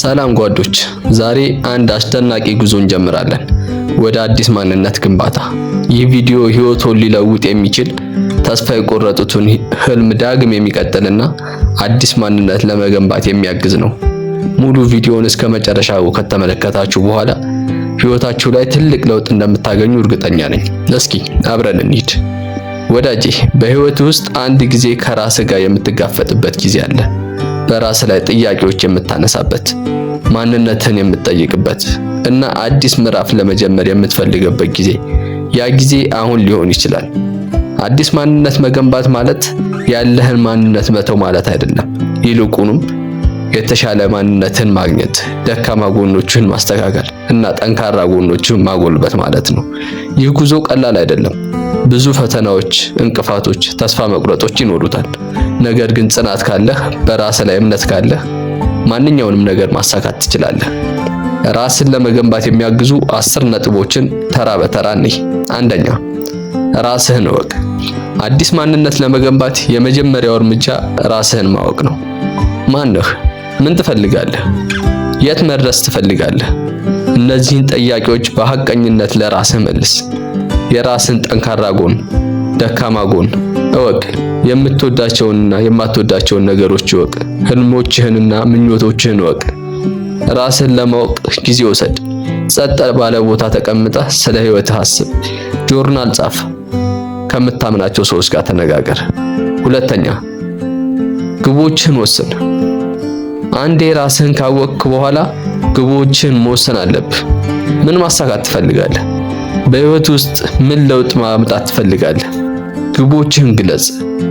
ሰላም ጓዶች፣ ዛሬ አንድ አስደናቂ ጉዞ እንጀምራለን ወደ አዲስ ማንነት ግንባታ። ይህ ቪዲዮ ህይወቶን ሊለውጥ የሚችል ተስፋ የቆረጡትን ህልም ዳግም የሚቀጥልና አዲስ ማንነት ለመገንባት የሚያግዝ ነው። ሙሉ ቪዲዮውን እስከ መጨረሻው ከተመለከታችሁ በኋላ ህይወታችሁ ላይ ትልቅ ለውጥ እንደምታገኙ እርግጠኛ ነኝ። እስኪ አብረን እንሂድ። ወዳጄ፣ በህይወት ውስጥ አንድ ጊዜ ከራስ ጋር የምትጋፈጥበት ጊዜ አለ። በራስ ላይ ጥያቄዎች የምታነሳበት፣ ማንነትን የምትጠይቅበት እና አዲስ ምዕራፍ ለመጀመር የምትፈልግበት ጊዜ። ያ ጊዜ አሁን ሊሆን ይችላል። አዲስ ማንነት መገንባት ማለት ያለህን ማንነት መተው ማለት አይደለም። ይልቁንም የተሻለ ማንነትን ማግኘት፣ ደካማ ጎኖችን ማስተካከል እና ጠንካራ ጎኖችን ማጎልበት ማለት ነው። ይህ ጉዞ ቀላል አይደለም። ብዙ ፈተናዎች፣ እንቅፋቶች፣ ተስፋ መቁረጦች ይኖሩታል። ነገር ግን ጽናት ካለህ፣ በራስ ላይ እምነት ካለህ ማንኛውንም ነገር ማሳካት ትችላለህ። ራስን ለመገንባት የሚያግዙ አስር ነጥቦችን ተራ በተራ እንይ። አንደኛ ራስህን እወቅ። አዲስ ማንነት ለመገንባት የመጀመሪያው እርምጃ ራስህን ማወቅ ነው። ነህ? ምን ትፈልጋለህ? የት መድረስ ትፈልጋለህ? እነዚህን ጥያቄዎች በሐቀኝነት ለራስህ መልስ። የራስን ጠንካራ ጎን፣ ደካማ ጎን እወቅ። የምትወዳቸውንና የማትወዳቸውን ነገሮች እወቅ። ህልሞችህንና ምኞቶችህን እወቅ። ራስህን ለማወቅ ጊዜ ውሰድ። ጸጥ ባለ ቦታ ተቀምጠህ ስለ ህይወትህ አስብ። ጆርናል ጻፍ። ከምታምናቸው ሰዎች ጋር ተነጋገር። ሁለተኛ ግቦችህን ወስን። አንዴ ራስህን ካወቅክ በኋላ ግቦችህን መወሰን አለብህ። ምን ማሳካት ትፈልጋለህ? በህይወት ውስጥ ምን ለውጥ ማምጣት ትፈልጋለህ? ግቦችህን ግለጽ።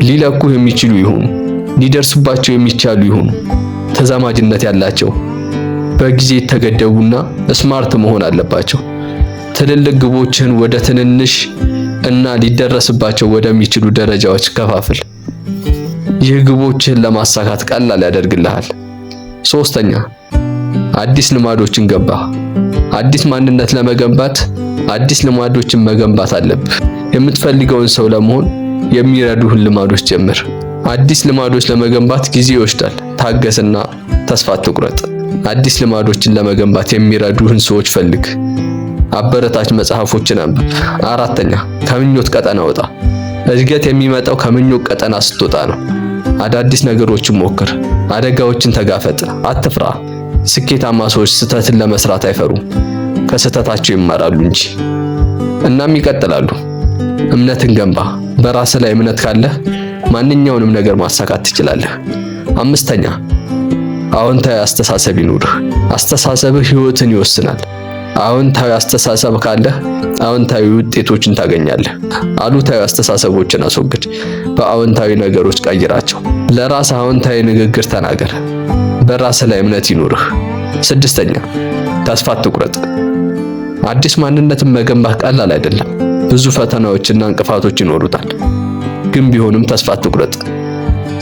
ሊለኩህ የሚችሉ ይሁኑ፣ ሊደርስባቸው የሚቻሉ ይሁኑ፣ ተዛማጅነት ያላቸው በጊዜ የተገደቡና ስማርት መሆን አለባቸው። ትልልቅ ግቦችህን ወደ ትንንሽ እና ሊደረስባቸው ወደሚችሉ ደረጃዎች ከፋፍል። ይህ ግቦችህን ለማሳካት ቀላል ያደርግልሃል። ሶስተኛ አዲስ ልማዶችን ገባ። አዲስ ማንነት ለመገንባት አዲስ ልማዶችን መገንባት አለብህ። የምትፈልገውን ሰው ለመሆን የሚረዱህን ልማዶች ጀምር። አዲስ ልማዶች ለመገንባት ጊዜ ይወስዳል። ታገስና ተስፋ አትቁረጥ። አዲስ ልማዶችን ለመገንባት የሚረዱህን ሰዎች ፈልግ። አበረታች መጽሐፎችን አንብብ። አራተኛ ከምኞት ቀጠና ወጣ። እድገት የሚመጣው ከምኞት ቀጠና ስትወጣ ነው። አዳዲስ ነገሮችን ሞክር። አደጋዎችን ተጋፈጥ። አትፍራ። ስኬታማ ሰዎች ስህተትን ለመስራት አይፈሩም። ከስህተታቸው ይማራሉ እንጂ። እናም ይቀጥላሉ። እምነትን ገንባ። በራስ ላይ እምነት ካለህ ማንኛውንም ነገር ማሳካት ትችላለህ። አምስተኛ አዎንታዊ አስተሳሰብ ይኑርህ። አስተሳሰብህ ህይወትን ይወስናል። አዎንታዊ አስተሳሰብ ካለህ አዎንታዊ ውጤቶችን ታገኛለህ። አሉታዊ አስተሳሰቦችን አስወግድ፣ በአዎንታዊ ነገሮች ቀይራቸው። ለራስ አዎንታዊ ንግግር ተናገር። በራስ ላይ እምነት ይኑርህ። ስድስተኛ ተስፋ አትቁረጥ። አዲስ ማንነትን መገንባት ቀላል አይደለም። ብዙ ፈተናዎችና እንቅፋቶች ይኖሩታል። ግን ቢሆንም ተስፋ አትቁረጥ።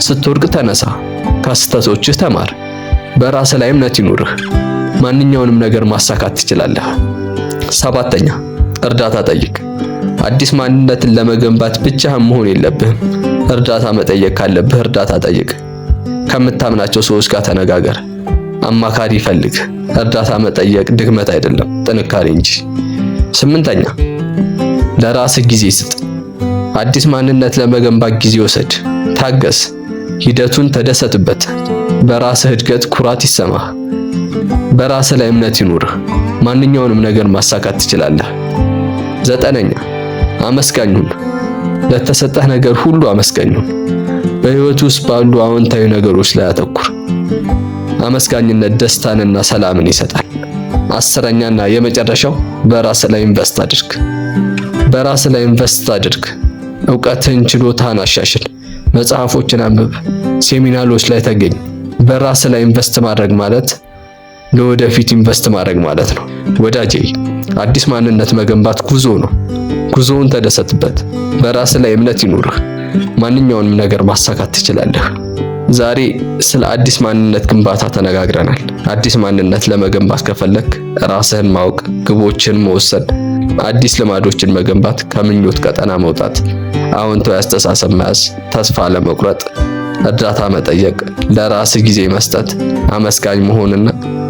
ስትወድቅ ተነሳ፣ ከስህተቶችህ ተማር፣ በራስ ላይ እምነት ይኑርህ። ማንኛውንም ነገር ማሳካት ትችላለህ። ሰባተኛ እርዳታ ጠይቅ። አዲስ ማንነትን ለመገንባት ብቻህን መሆን የለብህም። እርዳታ መጠየቅ ካለብህ እርዳታ ጠይቅ። ከምታምናቸው ሰዎች ጋር ተነጋገር። አማካሪ ይፈልግ። እርዳታ መጠየቅ ድክመት አይደለም፣ ጥንካሬ እንጂ። ስምንተኛ ለራስህ ጊዜ ስጥ። አዲስ ማንነት ለመገንባት ጊዜ ወሰድ። ታገስ፣ ሂደቱን ተደሰትበት። በራስህ እድገት ኩራት ይሰማህ። በራስህ ላይ እምነት ይኑርህ። ማንኛውንም ነገር ማሳካት ትችላለህ። ዘጠነኛ ሁን ለተሰጠህ ነገር ሁሉ ሁን በህይወት ውስጥ ባሉ አዎንታዊ ነገሮች ላይ አተኩር። አመስጋኝነት ደስታንና ሰላምን ይሰጣል። አስረኛና የመጨረሻው በራስ ላይ ኢንቨስት አድርግ። በራስ ላይ ኢንቨስት አድርግ። እውቀትን፣ ችሎታን አሻሽል። መጽሐፎችን አንብብ። ሴሚናሮች ላይ ተገኝ። በራስ ላይ ኢንቨስት ማድረግ ማለት ለወደፊት ኢንቨስት ማድረግ ማለት ነው። ወዳጄ አዲስ ማንነት መገንባት ጉዞ ነው። ጉዞውን ተደሰትበት። በራስ ላይ እምነት ይኑርህ። ማንኛውንም ነገር ማሳካት ትችላለህ። ዛሬ ስለ አዲስ ማንነት ግንባታ ተነጋግረናል። አዲስ ማንነት ለመገንባት ከፈለክ ራስህን ማወቅ፣ ግቦችን መወሰን፣ አዲስ ልማዶችን መገንባት፣ ከምኞት ቀጠና መውጣት፣ አዎንታዊ አስተሳሰብ መያዝ፣ ተስፋ ለመቁረጥ እርዳታ መጠየቅ፣ ለራስ ጊዜ መስጠት፣ አመስጋኝ መሆንና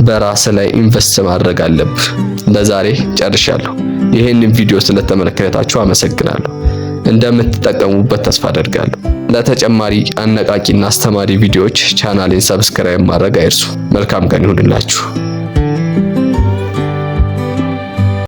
በራስ ላይ ኢንቨስት ማድረግ አለብህ። ለዛሬ ጨርሻለሁ። ይህንን ቪዲዮ ስለተመለከታችሁ አመሰግናለሁ። እንደምትጠቀሙበት ተስፋ አደርጋለሁ። ለተጨማሪ አነቃቂና አስተማሪ ቪዲዮዎች ቻናሌን ሰብስክራይብ ማድረግ አይርሱ። መልካም ቀን ይሁንላችሁ።